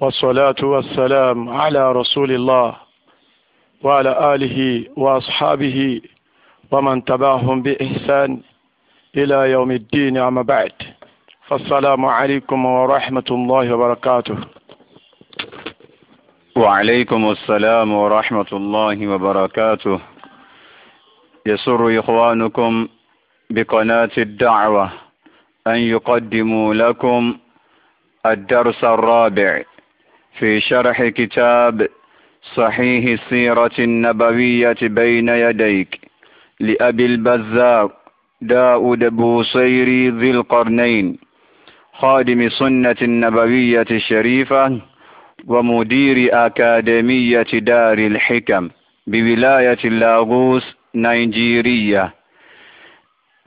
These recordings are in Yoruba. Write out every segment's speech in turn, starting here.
والصلاة والسلام على رسول الله وعلى آله وأصحابه ومن تبعهم بإحسان إلى يوم الدين أما بعد فالسلام عليكم ورحمة الله وبركاته وعليكم السلام ورحمة الله وبركاته يسر إخوانكم بقناة الدعوة أن يقدموا لكم الدرس الرابع في شرح كتاب صحيح السيرة النبوية بين يديك لأبي البزار داود بوصيري ذي القرنين خادم سنة النبوية الشريفة ومدير أكاديمية دار الحكم بولاية اللاغوس نيجيريا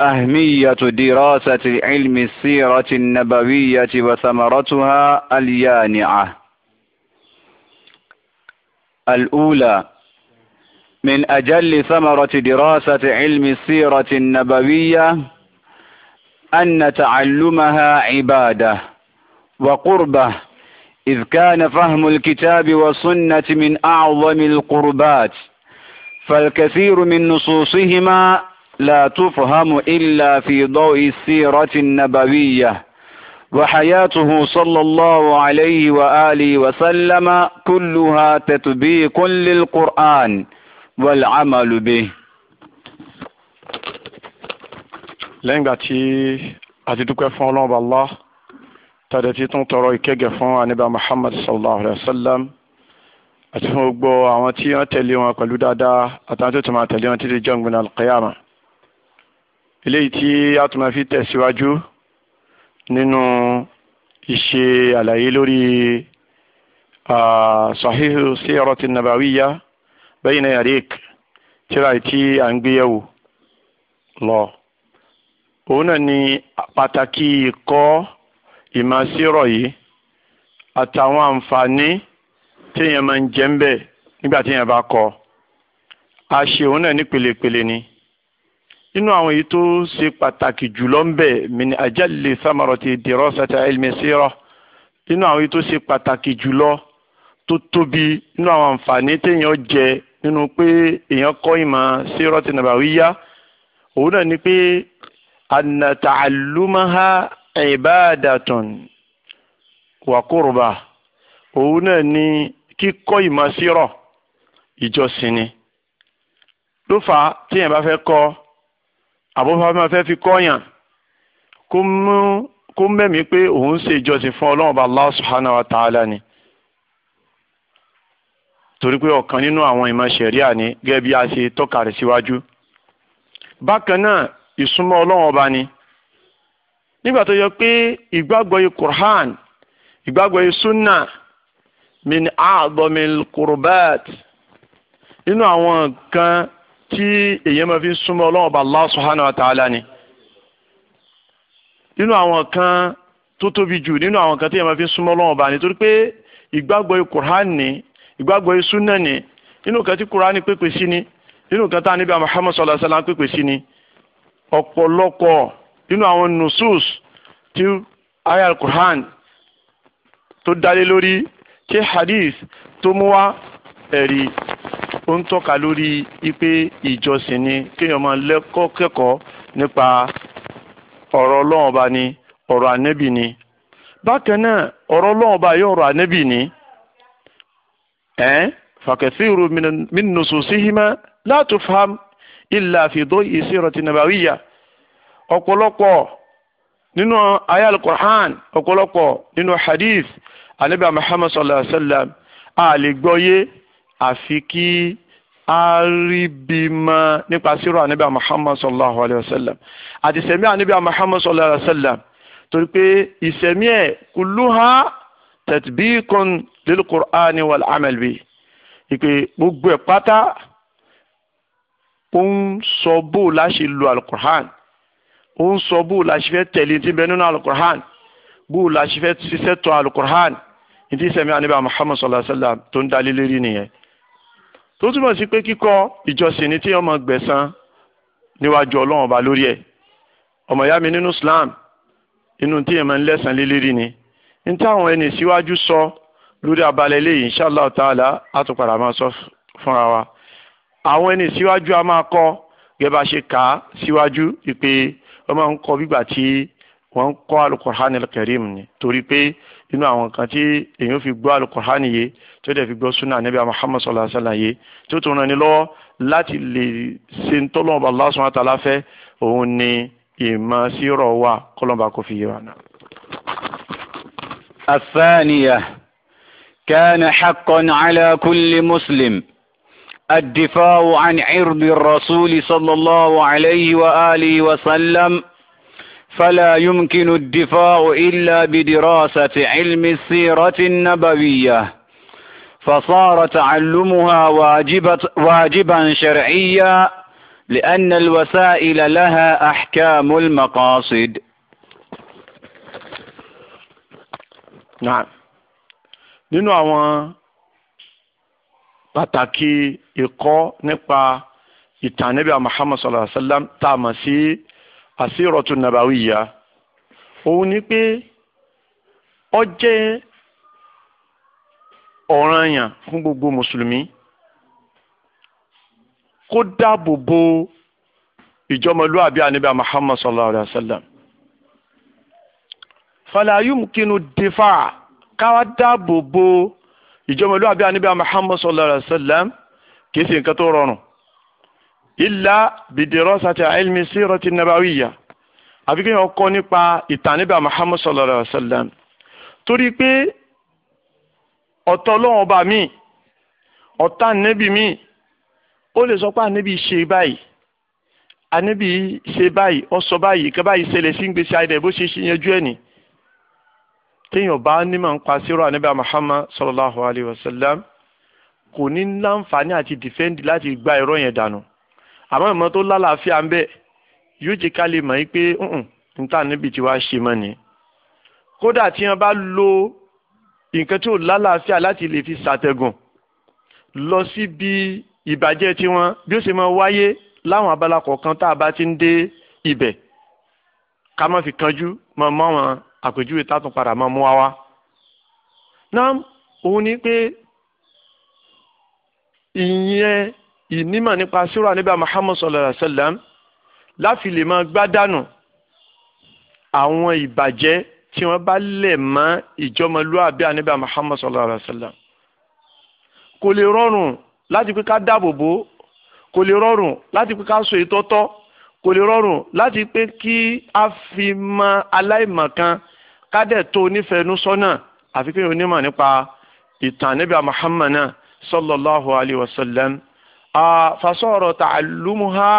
أهمية دراسة علم السيرة النبوية وثمرتها اليانعة الأولى من أجل ثمرة دراسة علم السيرة النبوية أن تعلمها عبادة وقربة إذ كان فهم الكتاب والسنة من أعظم القربات فالكثير من نصوصهما لا تفهم إلا في ضوء السيرة النبوية وحياته صلى الله عليه وآله وسلم كلها تطبيق للقرآن والعمل به lẹ́yìn ìgbà tí a ti dúpẹ́ fún ọlọ́run Allah tàdé tí tún tọrọ ìkẹ́gẹ̀ fún aníbà Muhammad sallallahu alayhi wa sallam àti fún gbogbo àwọn tí wọ́n tẹ̀lé wọn pẹ̀lú dáadáa àtàwọn tó tún máa tẹ̀lé wọn títí jọ́ngbìn alqiyama eléyìí tí a tún máa fi tẹ̀síwájú nínú ìṣe àlàyé lórí sahihu sirati nabawiya bayna yadik tíra tí à ń gbéyẹ̀wò lọ òun náà ni pàtàkì ìkọ́ ìmọ̀ sírọ̀ yìí àtàwọn àǹfààní téèyàn máa ń jẹ́ ń bẹ̀ nígbà téèyàn bá kọ́ a ṣe òun náà ní pẹ̀lẹ́pẹ̀lẹ́ ni. Pele pele ni nínú àwọn èyí tó ṣe pàtàkì jùlọ ń bẹ mini ajalli samarati dirasati ilmi sira nínú àwọn èyí tó ṣe pàtàkì jùlọ tó tóbi nínú àwọn àǹfààní téèyàn jẹ nínú pé èèyàn kọ́ ìmọ̀ sirati nabawiyya òun náà ni pé anna ibadatun wa òun náà ni kíkọ́ ìmọ̀ sírọ̀ ìjọsìn ni ló fà bá fẹ́ kọ́ àbúfá máa fẹ́ fi kọ́yàn kó mú kó mẹ́mí pé òun ṣe ìjọsìn fún ọlọ́run bá Allah subhanahu wa ta'ala ni torí pé ọ̀kan nínú àwọn ìmọ̀ ṣẹ̀ríà ni gẹ́gẹ́ bí a ṣe tọ́ka rẹ̀ síwájú bákan náà ìsúnmọ́ ọlọ́run ọba ni nígbà tó yẹ pé ìgbàgbọ́ yìí Qur'an ìgbàgbọ́ yìí sunna min a'dhamil qurbat nínú àwọn nǹkan tí èèyàn máa fi ń súnmọ́ ọlọ́run ọba Allah subhanahu wa ta'ala ni nínú àwọn kan tó tóbi jù nínú àwọn kan tí èèyàn máa fi ń súnmọ́ ọlọ́run ọba nítorí pé ìgbàgbọ́ Qur'an ni ìgbàgbọ́ sunna ni nínú kan tí Qur'an pépè sí ni nínú kan tá a níbi Muhammad sallallahu alaihi wasallam pépè sí ni ọ̀pọ̀lọpọ̀ nínú àwọn nusus tí ayal Qur'an tó dálé lórí tí hadith tó mú wá ẹ̀rí ó ń tọ́ka lórí ipe ìjọsìn ni kéèyàn máa lẹ́kọ́ kẹ́kọ̀ọ́ nípa ọ̀rọ̀ ọlọ́run ọba ni ọ̀rọ̀ ànẹ́bì ni bákan náà ọ̀rọ̀ ọlọ́run ọba yóò ọ̀rọ̀ ànẹ́bì ni ẹ́n fakathiru min nususihima la tufham illa fi doi sirati nabawiyya ọ̀pọ̀lọpọ̀ nínú àyá quran ọ̀pọ̀lọpọ̀ nínú hadith ànábì Muhammad sallallahu alaihi wa sallam a àfi kí arìbìmọ nípa sírò ànábì Muhammad sallallahu alayhi wa sallam àti ìsẹ̀mí ànábì Muhammad sallallahu alayhi wa sallam torí pé ìsẹ̀mí ẹ̀ kulluha tatbiqun lil Qur'ani wal amal bi ìpè gbogbo ẹ̀ pátá ó ń sọ bó o láṣẹ lu alukur'an ó ń sọ bó o láṣẹ fẹ́ tẹ̀lé ti bẹ nínú alukur'an bó láṣẹ fẹ́ ṣiṣẹ́ tọ́ alukur'an ní ìsẹ̀mí ànábì Muhammad sallallahu alayhi wa sallam tó ń dalé lérí nìyẹn tó túmọ̀ sí pé kíkọ́ ìjọsìn ni tí ó máa gbẹ̀san níwájú ọlọ́run ọba lórí ẹ̀ ọmọ ìyá mi nínú Islam inú tí èèmọ̀ ń lẹ́sàn lélẹ́rì ni ní táwọn ẹni síwájú sọ lórí abalẹ̀ eléyìí inshallah ta'ala àtúpadà máa sọ fúnra wa àwọn ẹni síwájú a máa kọ́ gẹ́gẹ́ bá ṣe kà á síwájú ìpè wọ́n máa ń kọ́ bígbà tí wọ́n ń kọ́ Al-Qur'an ni torí pé inú àwọn kan tí èèyàn fi gbọ́ alukur'ani yé tí ó dẹ̀ fi gbọ́ sunna anabi muhammad sallallahu alayhi yé tí ó tún ràn ní lọ́wọ́ láti lè ṣe ń tọ́lọ́mọba Allah subhanahu wa fẹ́ òun ni ìmọ̀ sírọ̀ wa kọ́lọ́mọba kò fi yé wa náà. الثانية كان حقا على كل مسلم الدفاع عن عرض الرسول صلى الله عليه وآله وسلم فلا يمكن الدفاع إلا بدراسة علم السيرة النبوية فصار تعلمها واجبة واجبا شرعيا لأن الوسائل لها أحكام المقاصد نعم nínú àwọn pàtàkì ẹ̀kọ́ nípa ìtàn محمد صلى الله عليه وسلم sallam àsírọ̀tún nàbàwíyà òun ni pé ó jẹ́ ọ̀ranyàn fún gbogbo mùsùlùmí kó dáàbò bo ìjọmọlúwàbí ànábì Muhammad sallallahu alayhi wa sallam falayum kinu difa káwa dáàbò bo ìjọmọlúwàbí ànábì Muhammad sallallahu alayhi wa sallam kìí ṣe nǹkan tó rọrùn illa bidirasati ilmi sirati nabawiyya àbí kéèyàn kọ́ nípa ìtàn níbà muhammad sallallahu alayhi wa sallam torí pé ọ̀tọ̀ ọlọ́run ọba mi ọ̀tá ànẹ́bì mi ó lè sọ pé ànẹ́bì ṣe báyìí ànẹ́bì ṣe báyìí ó báyìí kẹ́ báyìí sí gbèsè àìdẹ̀ bó ṣe yanjú ẹ̀ téèyàn bá nímọ̀ ń pa sírò ànẹ́bì muhammad sallallahu alayhi wa sallam kò ní láǹfààní àti dìfẹ́ǹdì láti gba ẹ̀rọ yẹn dànù àmọ́ ìmọ̀ tó lálàáfíà ń bẹ̀ yóò jẹ́ ká lè mọ̀ yí pé níta níbi tí wàá ṣe mọ́ ni kódà tí wọ́n bá lo nǹkan tí ò lálàáfíà láti lè fi ṣàtẹ̀gùn lọ síbi ìbàjẹ́ tiwọn bí ó ṣe máa wáyé láwọn abala kọ̀ọ̀kan tá a bá ti ń dé ibẹ̀ ká má fi kanjú mọ mọ́ wọn àpèjúwe tá a tún padà mọ́ mú wa wá. náà òun ni pé ìyẹn ìnímọ̀ nípa síra níbà Muhammad sallallahu alayhi wa sallam láfi lè máa gbádànù àwọn ìbàjẹ́ tí wọ́n bá lẹ̀ mọ́ ìjọmọlúwàbí àníbà Muhammad sallallahu alayhi wa sallam kò lè rọrùn láti pé ká dáàbò bò kò lè rọrùn láti pé ká so ìtọ́tọ́ kò lè rọrùn láti pé kí a fi mọ aláìmọ̀kan ká dẹ̀ tó onífẹ̀ẹ́nu sọ́nà àfi pé onímọ̀ nípa ìtàn àníbà Muhammad náà sallallahu alayhi fasọ̀rọ̀ tàlùmùhà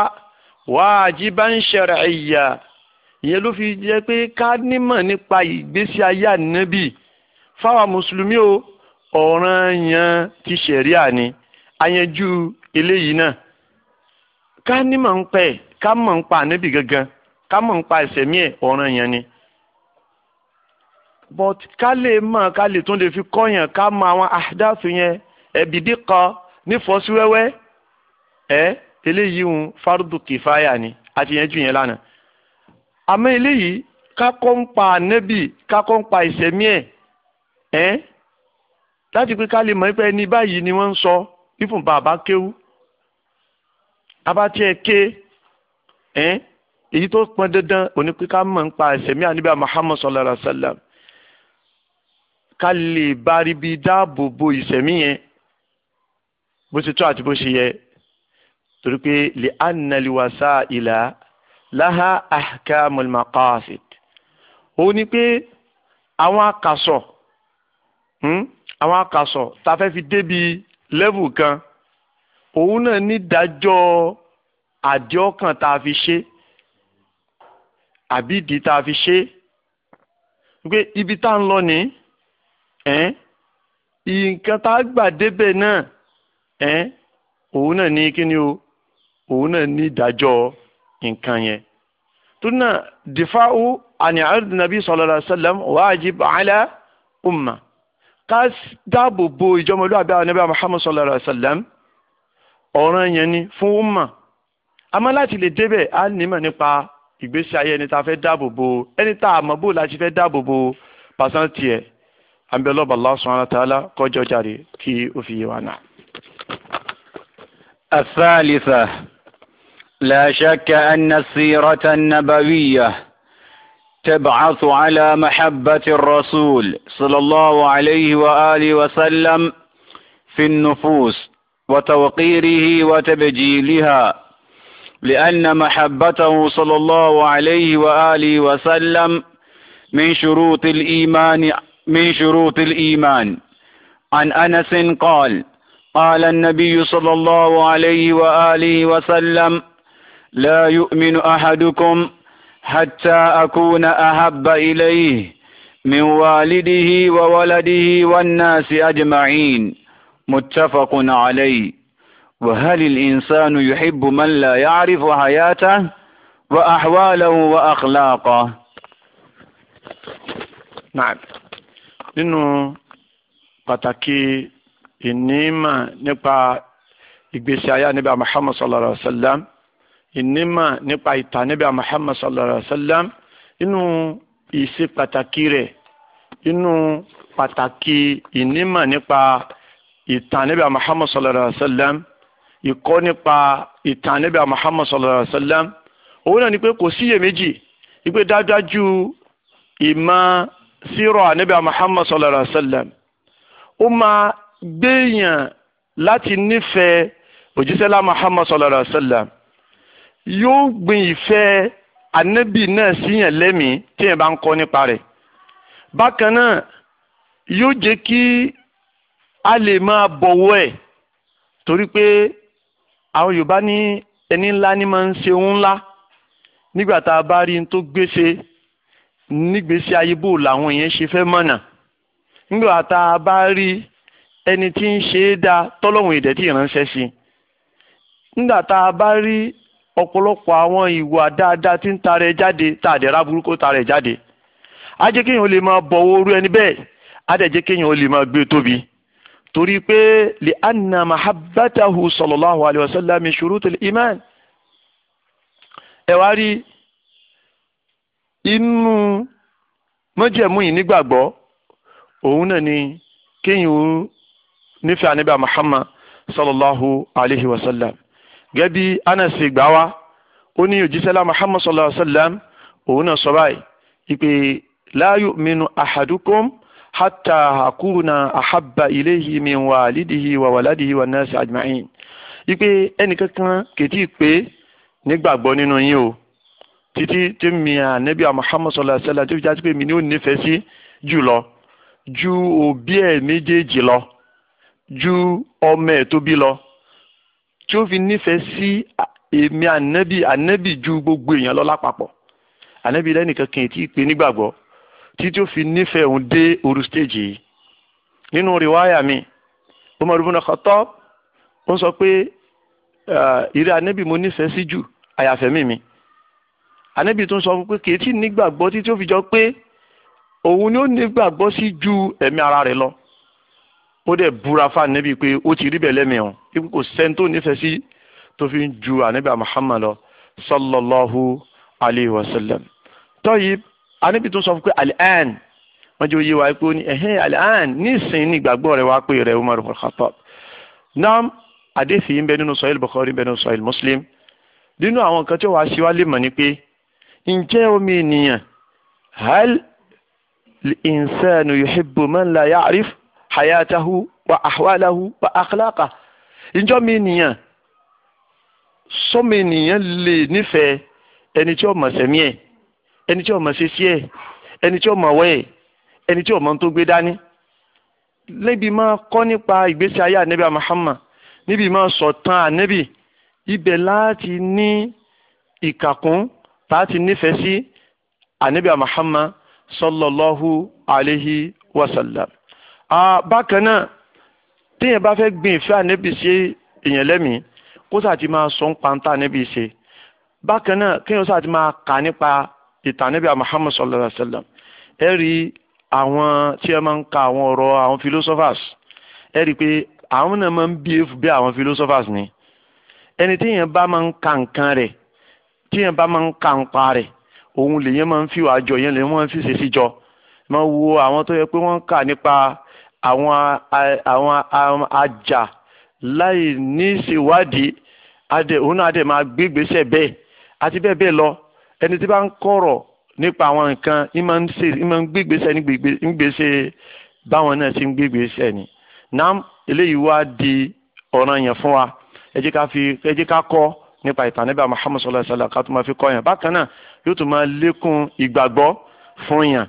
wájiban shar'iyya ìyẹn ló fi jẹ́ pé ká nímọ̀ nípa ìgbésí ayé ànábì fáwa mùsùlùmí o ọ̀ranyàn ti ṣẹ̀ríà ni ayanjú eléyìí náà ká nímọ̀ ń pẹ́ ká mọ̀ ń pa ànábì gangan ká mọ̀ ń pa ìṣẹ̀mí ẹ̀ ọ̀ranyàn ni but ká lè mọ̀ ká lè tún lè fi kọ́yàn ká mọ àwọn àdáfù yẹn ẹ̀bìdí kan nífọ̀ọ́síwẹ́wẹ́ ẹ eléyìí ń fardu kìfáyà ni àti yẹn jù yẹn lánàá àmọ́ eléyìí kakọ́ ń pa ànẹ́bì kakọ́ ń pa ìsẹ̀mí ẹ̀ ẹ́ láti pé ká lè mọ̀ pé ẹni báyìí ni wọ́n ń sọ fífún bàbá kéwú abátí ẹ ké ẹ́ èyí tó pọn dandan òní pé ká mọ̀ ń pa ìsẹ̀mí ànẹ́bì Muhammad sallallahu alayhi wa sallam ká lè bá rí bí dáàbò bo ìsẹ̀mí yẹn bó ti tó àti bó ṣe yẹ torí pé lè anàlìwàsá ìlà láha ahkamul maqasid ó ní pé àwọn akasọ hmm, àwọn akasọ tá a fẹ́ fi débi lẹ́vù kan òun náà nídàájọ́ àdéhọ́kàn tá a fi ṣe àbí ìdí tá a fi ṣe pé ibi tá a ń lọ ní nǹkan tá a gbà débẹ̀ náà òun náà ní kíni o òun náà ní ìdájọ́ nǹkan yẹn torí náà dìfáwù àní àrùn nàbí sallallahu alaihi wasallam wajib ala umma ká dáàbò bo ìjọmọlúwàbí àwọn nàbí Muhammad sallallahu alaihi wasallam ọ̀ràn yẹn ni fún umma àmọ́ láti lè débẹ̀ á nímọ̀ nípa ìgbésí ayé ẹni tá a fẹ́ dáàbò bo ẹni tá a mọ̀ bó láti fẹ́ dáàbò bo pàṣán tiẹ̀ àbí ọlọ́ba Allah subhanahu wa jáde kí ó fi yé wa náà. الثالثة لا شك أن السيرة النبوية تبعث على محبة الرسول صلى الله عليه وآله وسلم في النفوس وتوقيره وتبجيلها لأن محبته صلى الله عليه وآله وسلم من شروط الإيمان من شروط الإيمان عن أنس قال قال النبي صلى الله عليه وآله وسلم لا يؤمن أحدكم حتى أكون أحب إليه من والده وولده والناس أجمعين متفق عليه وهل الإنسان يحب من لا يعرف حياته وأحواله وأخلاقه نعم nínú pàtàkì ìnímọ̀ nípa ìgbésí ayé Ànábì محمد صلى الله عليه وسلم ìnímà nípa ìtàn Ànábì Muhammad sallallahu alayhi wa sallam inú ìṣe pàtàkì rẹ̀ inú pàtàkì ìnímà nípa ìtàn Ànábì Muhammad sallallahu alayhi wa sallam ìkọ́ nípa ìtàn Ànábì Muhammad sallallahu alayhi wa sallam òun náà ni pé kò síyèméjì ìpè dájúdájú ìmọ̀ sírọ̀ Ànábì Muhammad sallallahu alayhi wa sallam ó máa gbéyàn láti nífẹ̀ẹ́ òjíṣẹ́lá Muhammad sallallahu yóò gbin ìfẹ́ ànábì náà síyàn lẹ́mìí téèyàn bá ń kọ́ nípa rẹ̀ bákan náà yóò jẹ́ kí a lè máa bọ̀wọ́ ẹ̀ torí pé àwọn Yorùbá ní ẹni ńlá ni máa ń ṣe ohun ńlá nígbà tá a bá rí n tó gbéṣe nígbèsí ayé bò làwọn èèyàn ṣe fẹ́ mọ̀nà nígbà tá a bá rí ẹni tí ń ṣe é dáa tọ́lọ́hùn ìdẹ́tì ìránṣẹ́ sí nígbà tá a bá rí ọ̀pọ̀lọpọ̀ àwọn ìwà dáadáa tí ń tarẹ̀ jáde tá a dẹ̀ra burúkú tarẹ̀ jáde á jẹ́ kéèyàn lè máa bọ̀wọ́ orú ẹni bẹ́ẹ̀ á dẹ̀ jẹ́ kéèyàn lè máa gbé e tóbi torí pé lè anna mahabbatahu sallallahu alayhi wa sallam min shurutil iman ẹ wá rí inú mọ́jẹ̀mú yìí nígbàgbọ́ òun náà ni kéèyàn nífẹ̀ẹ́ àníbà Muhammad sallallahu alayhi wa sallam gẹ́bí Anas gbà wá ó ní òjísẹ́lá Muhammad sallallahu alayhi wa sallam òun náà sọ báyìí ìpè la yu'minu ahadukum hatta akuna ahabba ilayhi min walidihi wa waladihi wa nasi ajma'in ìpè ẹnìkankan kìtì pé nígbàgbọ́ nínú yín o títí tí mi ànábìà Muhammad sallallahu alayhi wa sallam tó fi jáde pé mi ni ó nífẹ̀ẹ́ sí jùlọ ju òbí ẹ̀ méjèèjì lọ ju ọmọ ẹ̀ tó lọ tí ó fi nífẹ̀ẹ́ sí èmi ànábì ànábì ju gbogbo èèyàn lọ lápapọ̀ ànábì lẹ́nìkan kì í tí ì pé nígbàgbọ́ títí ó fi nífẹ̀ẹ́ òun dé oru stage yìí nínú rìwáyà mi Umar ibn Khattab ó sọ pé ìrẹ́ ànábì mo nífẹ̀ẹ́ sí jù àyàfẹ́mí mi ànábì tó ń sọ pé kì í tí ì nígbàgbọ́ títí ó fi jọ pé òun ni ó nígbàgbọ́ sí ju ẹ̀mí ara rẹ̀ lọ ó dẹ̀ búra fún pé ó ti rí bẹ̀ lẹ́mìí ọ̀hún ibi kò sẹ́ni tó nífẹ̀ẹ́ sí tó fi ń ju ànábì Muhammad lọ sallallahu alayhi wa sallam tọ́yì ànábì tó sọ fún pé al-an wọ́n jẹ́ oyé wa pé ó ní ẹ̀hẹ́n al-an nísìnyí ní ìgbàgbọ́ rẹ̀ wá pé rẹ̀ Umar ibn Khattab naam àdéhìí ń bẹ nínú sọ̀yìn Bukhari ń bẹ nínú sọ̀yìn Muslim nínú àwọn nǹkan tí wàá ṣe wá lè mọ̀ ni pé ǹjẹ́ omi ènìyàn hal insanu yuhibbu man la ya'rif hayatahu wa ahwalahu wa akhlaqa ìjọ mi nìyàn sọmi nìyàn lè nífẹ̀ẹ́ ẹni tí ọmọ sẹ̀mí ẹ̀ ẹni tí ọmọ sẹ́sí ẹ̀ ẹni tí ọmọ wẹ̀ ẹni tí tó gbé dání níbi máa Muhammad níbi máa sọ tán ànẹ́bí ibẹ̀ láti ní ìkàkùn láti nífẹ̀ẹ́ sí Muhammad sallallahu alayhi wa téèyàn bá fẹ́ gbin ìfẹ́ ànẹ́bì sí èèyàn lẹ́mìí kó sà ti máa sọ ń pa ntá ànẹ́bì ṣe bákan náà kéèyàn sà ti máa kà nípa ìtàn ànẹ́bì Muhammad sallallahu alayhi wa sallam ẹ rí àwọn tí ẹ máa ń ka àwọn ọ̀rọ̀ àwọn philosophers ẹ rí i pé àwọn náà máa ń behave bí àwọn philosophers ni ẹni téèyàn bá máa ń ka nǹkan rẹ̀ téèyàn bá máa ń ka nǹpa rẹ̀ òun lèyàn máa ń fi wàá jọ yẹn lèyàn máa ń fi ṣèṣì máa wo àwọn tó yẹ pé wọ́n ń kà nípa àwọn àwọn ajá láì ní ìṣèwádìí adé òun náà adé máa gbégbèsè bẹ́ẹ̀ àti bẹ́ẹ̀ bẹ́ẹ̀ lọ ẹni tí bá ń kọ̀rọ̀ nípa àwọn nǹkan ìmọ̀ ń ṣe ìmọ̀ ń gbégbèsè ní gbégbèsè báwọn náà ti ń gbégbèsè ni nam eléyìí wá di ọ̀ràn yẹn fún wa ẹ jẹ́ ká fi ẹ jẹ́ ká kọ́ nípa ìtàn níbà Muhammad sallallahu alaihi wa sallam ká tó máa fi kọ́ yẹn bákan náà yóò tún máa lékún ìgbàgbọ́ fún yàn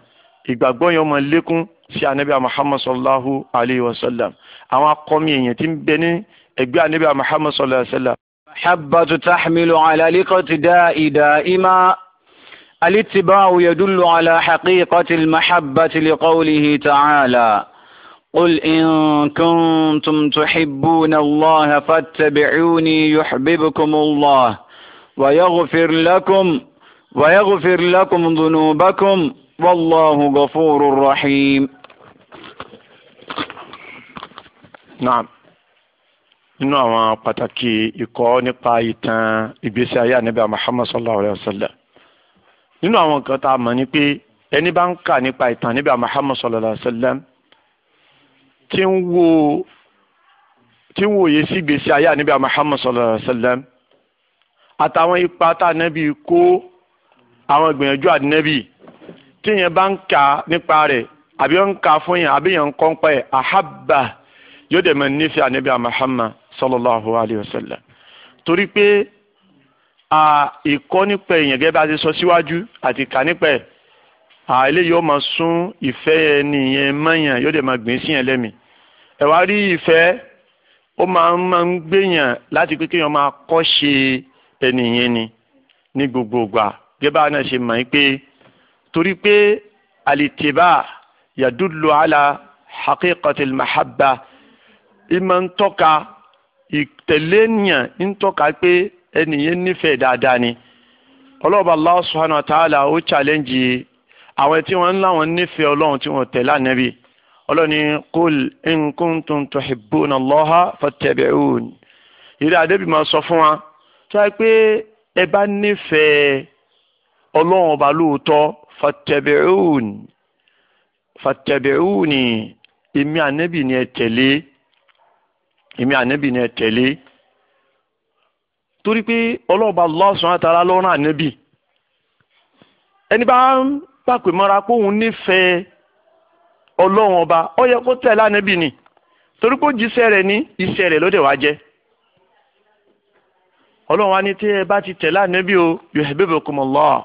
ìgbàgbọ́ yẹn máa lékún sí anabi muhammad sallallahu alaihi wa sallam àwọn akọmi èèyàn ti ń bẹ ní ẹgbẹ́ anabi muhammad sallallahu alaihi wa sallam. mahabbatu tahmilu ala liqati da'i da'ima yadullu ala على حقيقة المحبة لقوله ta'ala قل إن كنتم تحبون الله فاتبعوني يحببكم الله ويغفر لكم ويغفر لكم ذنوبكم والله غفور رحيم نعم nínú àwọn pàtàkì ìkọ́ nípa ìtàn ìgbésí ayé ànábì Muhammad sallallahu alayhi wa sallam nínú àwọn nǹkan tá a mọ̀ ni pé ẹni bá ń kà nípa ìtàn ànábì Muhammad sallallahu alayhi wa sallam tí ń wo tí ń wòye sí ìgbésí ayé ànábì Muhammad sallallahu alayhi wa sallam àtàwọn ipa tá ànábì kó àwọn ìgbìyànjú ànábì tíyẹn bá ń kà á nípa rẹ̀ àbí ń kà á fún yẹn àbí yẹn ń kọ́ ń pa ẹ̀ àhábà yóò dẹ̀ mọ̀ nífẹ̀ẹ́ ànábì Muhammad sallallahu alayhi wa sallam torí pé ìkọ́ nípa èèyàn gẹ́gẹ́ bá ti sọ síwájú àti kà nípa ẹ̀ eléyìí ó máa sún ìfẹ́ ẹni yẹn mọ́yàn yóò dẹ̀ máa gbìn sí yẹn lẹ́mìí ẹ̀ rí ìfẹ́ ó máa ń máa ń gbèyàn láti pé kéèyàn máa kọ́ ṣe ẹni ni ní gbogbo ìgbà gẹ́gẹ́ bá torí pé àlìtìbá yàdúlò àlà haqiqatil mahabba ìmọ̀ ń tọ́ka ìtẹ̀lé nìyàn ń tọ́ka pé ẹnìyẹn nífẹ̀ẹ́ dáadáa ni ọlọ́ọ̀bà Allah subhanahu wa ta'ala ó challenge àwọn tí wọ́n ń láwọn nífẹ̀ẹ́ ọlọ́run tí wọ́n tẹ̀lé ànábì ọlọ́ni kúl in kuntum tuhibbuna Allaha fattabi'un ìrẹ́ àdébì máa sọ fún wa tó yẹ pé ẹ bá nífẹ̀ẹ́ ọlọ́run ọba lóòótọ́ fattabi'un fattabi'uni èmi ànábì ni ẹ tẹ̀lé èmi ànábì ni ẹ tẹ̀lé torí pé ọlọ́ọ̀bá Allah subhanahu wa ta'ala ló rán ànábì ẹni bá ń pàpè mọ́ra pé òun nífẹ̀ẹ́ ọlọ́run ọba ó yẹ kó tẹ̀lé ànábì ni torí pé jíṣẹ́ rẹ̀ ní iṣẹ́ rẹ̀ lóde wá jẹ́ ọlọ́run wa ní tí ẹ bá ti tẹ̀lé ànábì o yuhibbukumullah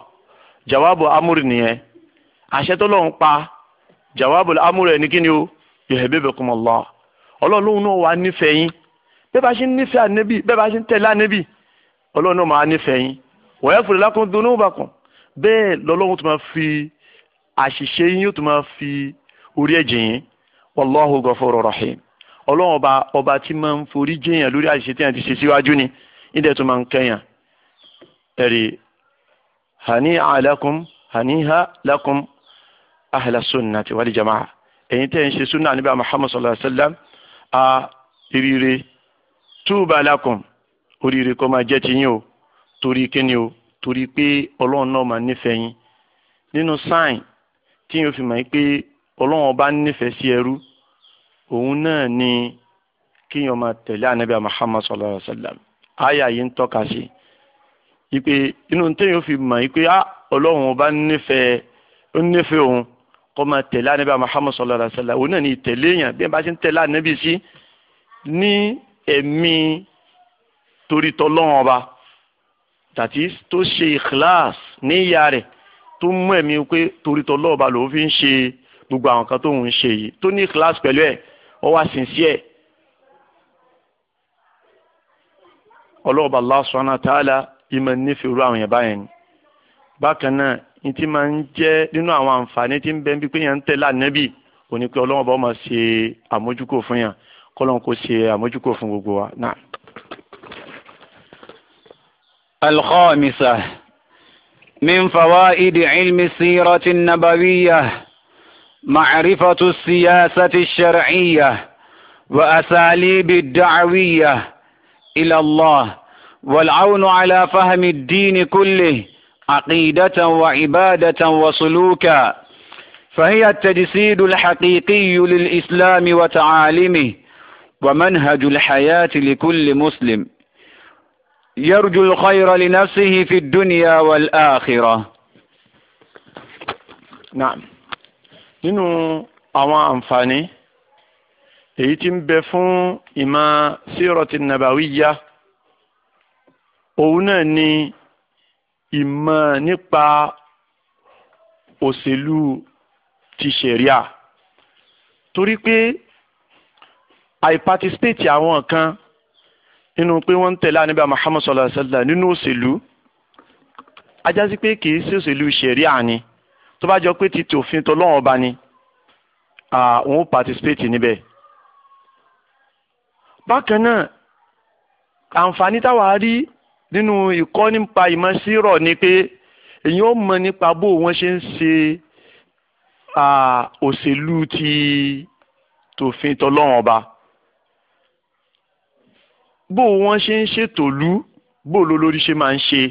jawabu amúrì nìyẹn àṣẹ tó lọ́n pa jawabu amúrì ẹni kíni o yuhibbukumullah ọlọ́run lóhun náà wà nífẹ̀ẹ́ yín bẹ́ẹ̀ bá ṣe ń nífẹ̀ẹ́ ànẹ́bì bẹ́ẹ̀ bá ṣe ń tẹ̀lé ànẹ́bì ọlọ́run náà máa nífẹ̀ẹ́ yín wa yaghfir lakum dhunubakum bẹ́ẹ̀ lọ́lọ́run tó máa fi àṣìṣe yín yóò tó máa fi orí ẹ̀jẹ̀ yín wallahu ghafurur rahim ọlọ́run ọba ọba tí máa ń forí jẹ́yàn lórí àṣìṣe tí yàn ti ṣe síwájú ni nídẹ̀ tó máa ń kẹ́yàn ẹ̀rí hani'a lakum haniha lakum ahla sunnati wal jama'a ẹ̀yin tẹ́ ń ṣe sunna níbi muhammad sallallahu alaihi wa sallam a irire tuba lakum oríire kó máa jẹ́ ti yín o torí kíni o torí pé ọlọ́run náà máa nífẹ̀ẹ́ yín nínú sáìn tí yóò fi mọ̀ pé ọlọ́run ọba nífẹ̀ẹ́ sí ẹrú òun náà ni kíyàn máa tẹ̀lé ànábì muhammad sallallahu alaihi wa sallam àyà yìí ń tọ́ka sí ipe inú téèyàn fi mọ̀ ipe a ah, ọlọ́run ọba nífẹ̀ẹ́ ó nífẹ̀ẹ́ òun kọ́ máa tẹ̀lé ànábì Muhammad sallallahu alaihi wasallam òun náà ní ìtẹ̀lé èèyàn bí ẹ bá ti ń tẹ̀lé ànábì sí ní ẹ̀mí torí tọ́lọ́run ọba tàtí tó ṣe ikhlas ní ìyá rẹ̀ tó mú ẹ̀mí pé torí tọ́lọ́run ọba lòun fi ń ṣe gbogbo àwọn kan tó ń ṣe yìí tó ní ikhlas pẹ̀lú ẹ̀ ọ wá sincere ọlọ́ọ̀bà Allah subhanahu wa ta'ala ìmọ̀ nífẹ̀ẹ́ irú àwọn yẹn báyẹn ni bákan náà ní ti máa ń jẹ́ nínú àwọn àǹfààní tí ń bẹ bí pé yẹn ń tẹ̀lé ànábì òní pé ọlọ́wọ́n bá máa ṣe àmójúkò fún yàn kọ́lọ́n kó ṣe àmójúkò fún gbogbo wa náà. الخامسة من فوائد علم السيرة النبوية معرفة السياسة الشرعية وأساليب الدعوية إلى الله والعون على فهم الدين كله عقيدة وعبادة وسلوكا فهي التجسيد الحقيقي للإسلام وتعاليمه ومنهج الحياة لكل مسلم يرجو الخير لنفسه في الدنيا والآخرة نعم nínú àwọn àǹfààní èyí tí ń bẹ fún ìmọ̀ sírọ̀tì nàbàwíyá òun náà ni ìmọ̀ nípa òṣèlú ti ṣẹ̀ríà torí pé àìpatisípéètì àwọn kan nínú pé wọ́n ń tẹ̀lé àníbà Muhammad sallallahu alaihi wasallam nínú òṣèlú ajásí pé kì í sí òṣèlú ṣẹ̀ríà ni tó bá jọ pé ti tòfin tọlọ́wọ́n ọba ni òun patisipéètì níbẹ̀. bákan náà àǹfààní táwa rí nínú ìkọ́ nípa ìmọ̀ sírọ̀ ni pé èyí ó mọ̀ nípa bó wọ́n ṣe ń ṣe òṣèlú ti tòfin tọlọ́run ọba bó wọ́n ṣe ń ṣètòlú bó lolórí ṣe máa ń ṣe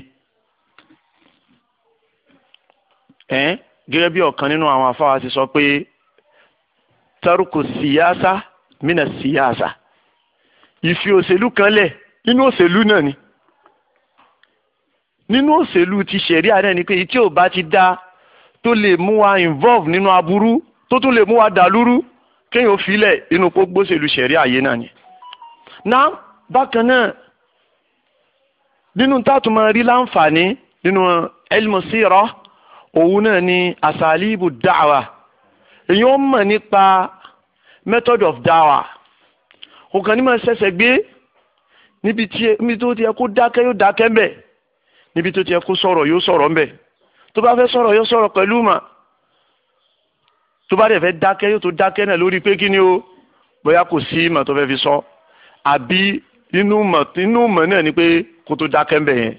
ẹ̀ẹ́n gẹ́gẹ́ bí ọ̀kan nínú àwọn afáwa ti sọ pé taruku siyasa mina siyasa ìfi òṣèlú kan lẹ̀ inú òṣèlú náà ni nínú òṣèlú ti ṣẹ̀rí àárẹ̀ ni pé tí ò bá ti dá tó lè mú wa involve nínú aburú tó tún lè mú wa dàlúrú kéèyàn filẹ̀ inú kó gbóṣèlú ṣẹ̀rí àyè náà ni. náà bákan náà nínú táàtù máa rí láǹfààní nínú elmosira òun náà ni asalibu da'wa èèyàn mọ̀ nípa method of da'wa òkàn ní máa ṣẹ̀ṣẹ̀ gbé níbi tí níbi tó ti yẹ kó dákẹ́ yóò dákẹ́ mbẹ́ níbi tó ti yẹ kó sọ̀rọ̀ yóò sọ̀rọ̀ ńbẹ̀ tó bá fẹ́ sọ̀rọ̀ yóò sọ̀rọ̀ pẹ̀lú mà tó bá dẹ̀ fẹ́ dákẹ́ yóò tó dákẹ́ náà lórí pé kí ni o bóyá kò sí ìmọ̀ tó fẹ́ fi sọ àbí inú mọ̀ inú mọ̀ náà ni pé kó tó dákẹ́ ńbẹ̀ yẹn.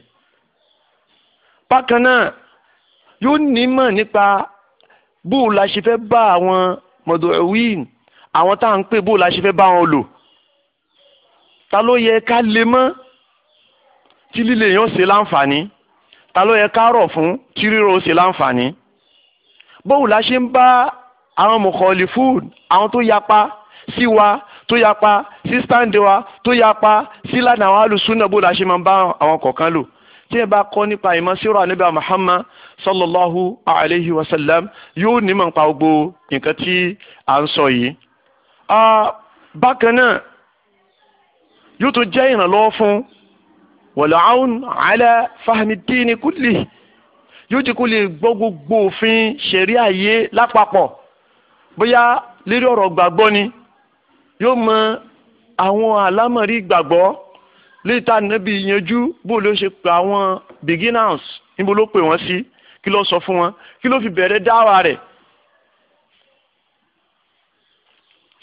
bákan náà yóò nímọ̀ nípa bó la ṣe fẹ́ bá àwọn mọ̀dọ̀wìn àwọn tá à ń pè bó la ṣe fẹ́ bá wọn lò ta ló yẹ ká lè mọ́ tí líle yẹn ó ṣe láǹfààní ta ló yẹ kárọ̀ fún tí ríro ṣe láǹfààní. bóun la ṣe ń bá àwọn mọ̀kọ́lì fúd àwọn tó yapa sí wa tó yapa sí sítáǹdì wa tó yapa sí lànà àwọn alùsùnà bóun la ṣe máa ń bá àwọn kọ̀ọ̀kan lò tí ẹ bá kọ́ nípa ìmọ̀ síra níbi Muhammad sallallahu alayhi wa sallam yóò nímọ̀ nípa gbogbo nǹkan tí à ń sọ yìí. Ah, bákan náà yóò tún jẹ́ ìrànlọ́wọ́ fún wal-awn ala fahmi ad-din kulli yóò ti kó lè gbọ́ gbogbo òfin ṣẹ̀ríà yé lápapọ̀ bóyá lérí ọ̀rọ̀ gbàgbọ́ ni yóò mọ àwọn àlámọ̀rí gbàgbọ́ léta níbi ìyanjú bó ló ṣe pè àwọn beginners níbo ló pè wọ́n sí kí ló sọ fún wọn kí ló fi bẹ̀rẹ̀ dáwà rẹ̀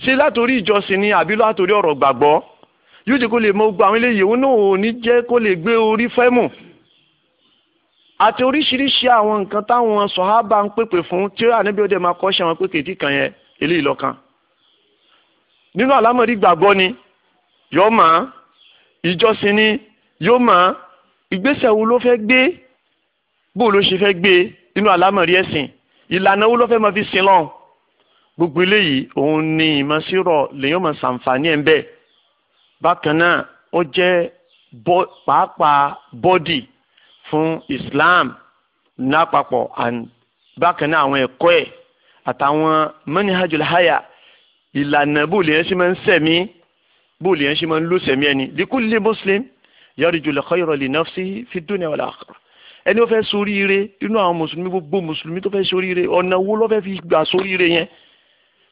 ṣé látòrí ìjọsìn ni àbí látòrí ọ̀rọ̀ gbàgbọ́ yóò jẹ́ kó lè mọ gbogbo àwọn eléyìí òun náà ò ní jẹ́ kó lè gbé orí fẹ́ mù àti oríṣiríṣi àwọn nǹkan táwọn sọ̀hábà ń pèpè fún tí ó ànábì ọdẹ máa kọ́ ṣe àwọn pèpè tí kan yẹn eléyìí lọ́kàn nínú àlámọ̀rí gbàgbọ́ ni yóò mọ̀ ìjọsìn ni yóò mọ̀ ìgbésẹ̀ wo ló fẹ́ gbé bó ló ṣe fẹ́ gbé nínú àlámọ̀rí ẹ̀sìn ìlànà wo ló fẹ́ máa fi sin lọ́n gbogbo eléyìí òun ni ìmọ̀sírọ̀ lèyàn máa ṣàǹfààní ẹ̀ ń bẹ́ẹ̀ bákan náà ó jẹ́ pàápàá bọ́dì fún Islam lápapọ̀ bákan náà àwọn ẹ̀kọ́ ẹ̀ àtàwọn manhajul haya ìlànà bóòlù yẹn ṣe máa ń sẹ̀mí bóòlù yẹn ṣe máa ń lò sẹ̀mí ẹni likulli muslim yarju al-khayra li nafsihi fi dunya wal akhirah ẹni wọ́n fẹ́ soríire inú àwọn mùsùlùmí gbogbo mùsùlùmí tó fẹ́ soríire ọ̀nà wo ló fẹ́ fi gbà soríire yẹn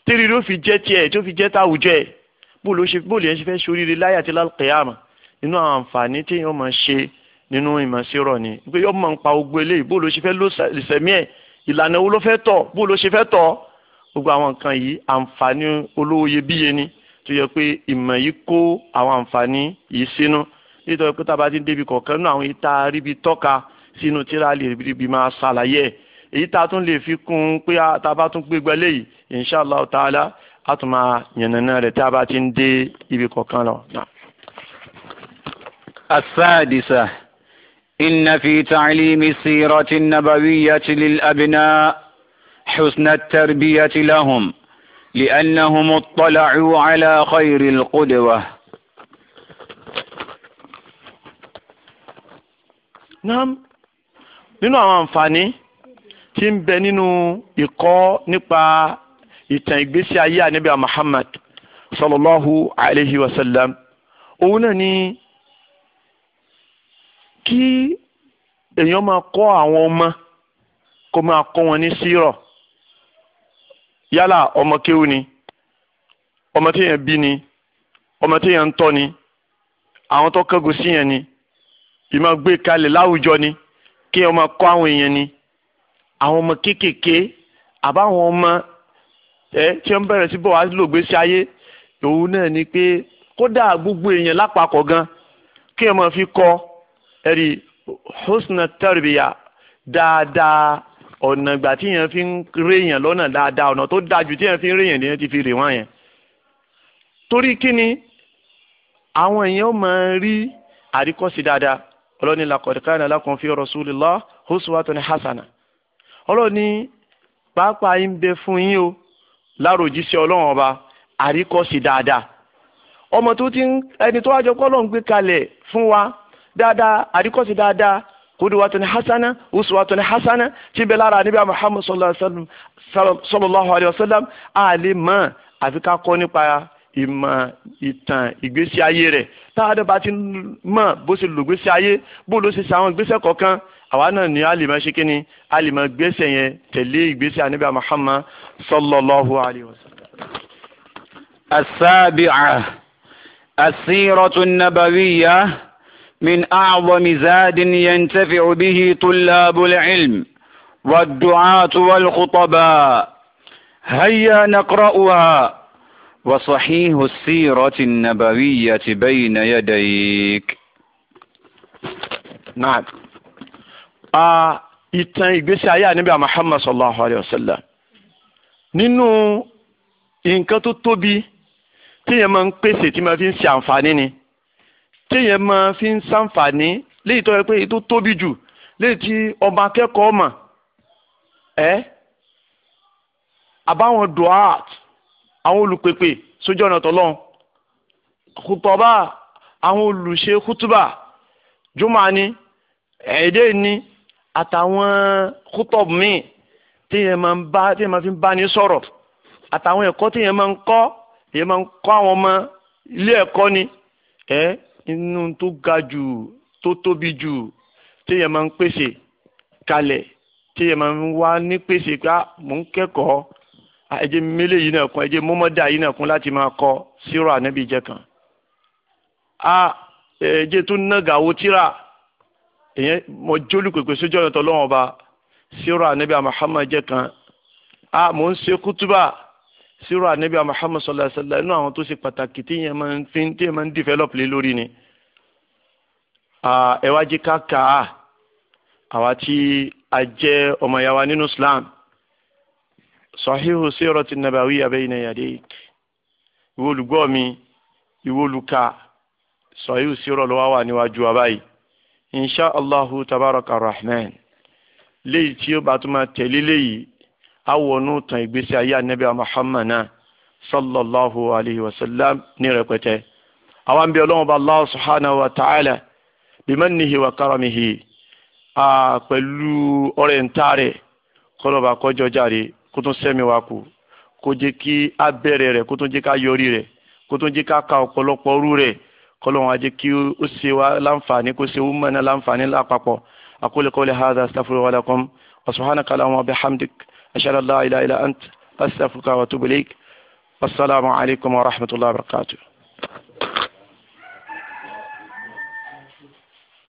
tí rírì fi jẹ́ tiẹ̀ tí fi jẹ́ táwùjọ ẹ̀ bóòlù yẹn ṣe fẹ́ ṣoríire láyé àti lálùkẹ́yàmà nínú àwọn àǹfààní tí yóò máa ṣe nínú ìmọ̀síọ̀rọ̀ ni pé yóò máa ń pa ogbó eléyìí bóòlù ṣe fẹ́ ló ìsẹ̀mí ẹ̀ ìlànà wo ló fẹ́ tọ̀ bóòlù ṣe fẹ́ tọ̀ gbogbo àwọn nǹkan yìí àǹfààní olówó iyebíye ni tó yẹ pé ìmọ̀ yìí kó àwọn àǹfààní yìí sínú nítorí pé tá a bá débi kọ̀ọ̀kan nínú àwọn ìta ríbi tọ́ka sínú tíra lè ríbi máa ṣàlàyé ẹ̀ èyí tá a tún lè fi kún un pé tá tún gbégbá léyìí inṣàlá ta'ala a tún máa yànnàná rẹ̀ tá a bá ti ń dé ibi kọ̀ọ̀kan lọ. السادسة إن في تعليم السيرة النبوية للأبناء حسن التربية لهم لأنهم اطلعوا على خير القدوة nam nínú àwọn àǹfààní tí ń bẹ nínú ìkọ́ nípa ìtàn ìgbésí ayé ànábì Muhammad sallallahu alayhi wa sallam òun náà ni kí èèyàn máa kọ́ àwọn ọmọ kó máa kọ́ wọn ní sírọ̀ yálà ọmọ kéwú ni ọmọ téèyàn bí ni ọmọ téèyàn ń tọ́ ni àwọn tó kẹ́gùn sí yẹn ni ìmọ̀ gbé kalẹ̀ láwùjọ ni kí wọ́n máa àwọn èèyàn ni àwọn ọmọ kéékèèké àbáwọn ọmọ ẹ tí wọ́n bẹ̀rẹ̀ sí bọ̀ wá lò gbèsè ayé òun náà ni pé kódà gbogbo èèyàn lápapọ̀ gan kí ẹ máa fi kọ ẹ̀rí husna tarbiya dáadáa ọ̀nà ìgbà tí yẹn fi ń yẹn lọ́nà dáadáa ọ̀nà tó dáa jù tí yẹn fi ń réyàn ni yẹn ti fi rè wọ́n yẹn. torí kí ni àwọn èèyàn máa rí àríkọ́sí dáadáa ọlọ́ni laqad kana lakum fi rasulillah huswatun hasana ọlọ́ni pàápàá yín bẹ fún yín o láròjíṣẹ́ ọlọ́run ọba àríkọ́sí dáadáa ọmọ tó ti ń ẹni tó wájọ kọ́ lọ́n gbé kalẹ̀ fún wa dáadáa àríkọ́sí dáadáa kuduwatun hasana uswatun hasana tí bẹ lára níbi muhammad sallallahu alayhi wa sallam àlè mọ́ àfi ká kọ́ nípa ìmọ̀ ìtàn ìgbésí ayé rẹ̀ táwọn bá ti mọ̀ bó ṣe lògbésí ayé bó ló ṣe ṣàwọn ìgbésẹ̀ kọ̀ọ̀kan àwa náà ní alìmọ̀ ṣe kíni alìmọ̀ gbèsè yẹn tẹ̀lé ìgbésẹ̀ ànábì Muhammad sallallahu alayhi wa sallam. السابعة السيرة النبوية من أعظم زاد ينتفع به طلاب العلم والدعاة والخطباء هيا نقرأها وصحيح السيرة النبوية بين يديك نعم ìtàn ìgbésí ayé àníbà Muhammad sallallahu alayhi wa sallam nínú nǹkan tó tóbi téèyàn máa ń pèsè tí fi ń ṣe àǹfààní ni téèyàn máa fi ń ṣàǹfààní léyìí tó yẹ pé èyí tó tóbi jù léyìí tí ọmọ akẹ́kọ̀ọ́ mọ̀ ẹ́ àbáwọn duat àwọn olùpèpè sójú ọ̀nà tọ́lọ́n kùtọ́bà àwọn olùṣe kútùbà jùmọ̀ ni ni àtàwọn kútọ̀bù míì téèyàn máa ń bá téèyàn máa fi ń bá ní sọ̀rọ̀ àtàwọn ẹ̀kọ́ téèyàn máa ń kọ́ èèyàn máa ń kọ́ àwọn ọmọ ilé ẹ̀kọ́ ni ẹ inú tó ga jù tó tóbi jù téèyàn máa ń pèsè kalẹ̀ téèyàn máa ń wá ní pèsè pé ah, mò ń kẹ́kọ̀ọ́ ah, ẹ̀jẹ̀ mélé yìí náà kún ẹ̀jẹ̀ mọ́mọ́dá yìí náà kún láti máa kọ́ sírò ànábìjẹ́ kan. a ah, ẹ̀jẹ̀ tó nágàwó tíra ìyẹn mo jólù pèpè sójú ọ̀nà tọ́lọ́wọ́n ọba síra anabi Muhammad jẹ́ kan a mò ń ṣe kútúbà síra anabi Muhammad sallallahu alaihi wasallam inú àwọn tó ṣe pàtàkì tí yẹn máa ń fi tí yẹn máa ń develop lé lórí ni ẹ wá jí ká àwa tí a jẹ́ ọmọ ìyá wa nínú Islam sahihu sirati nabawiyya bayna yadayk ìwọ olùgbọ́ mi ìwọ olùka sahihu sírọ̀ ló wá wà níwájú wa báyìí insha allahu tabaraka rahman léyìí tí ó bá tún máa tẹ̀lé léyìí awọnú tan ìgbésí ayé anabi muhammad náà sallallahu alayhi wa sallam ní rẹpẹtẹ àwọn bí ọlọ́run bá allah subhanahu wa ta'ala bimannihi wa karamihi pẹ̀lú ọrẹ ntaare kọlọba kọjọ jáde kó tún sẹ́mi wá kú kó jẹ́ kí abẹ́rẹ́ rẹ̀ kó tún jẹ́ ká yọrí rẹ̀ kó tún jẹ́ ká ka ọ̀pọ̀lọpọ̀ rú rẹ̀ kọlọ́wọ́n ajé kí ó ṣe wá láǹfààní kó ṣe wúmọ̀ náà láǹfààní lápapọ̀ aqulu qawli hadha astaghfirullaha wa lakum wa subhanaka allahumma wa bihamdik ashhadu an la ilaha illa ant astaghfiruka wa atubu ilayk wasalaamu alaykum wa rahmatullahi wa barakatuh.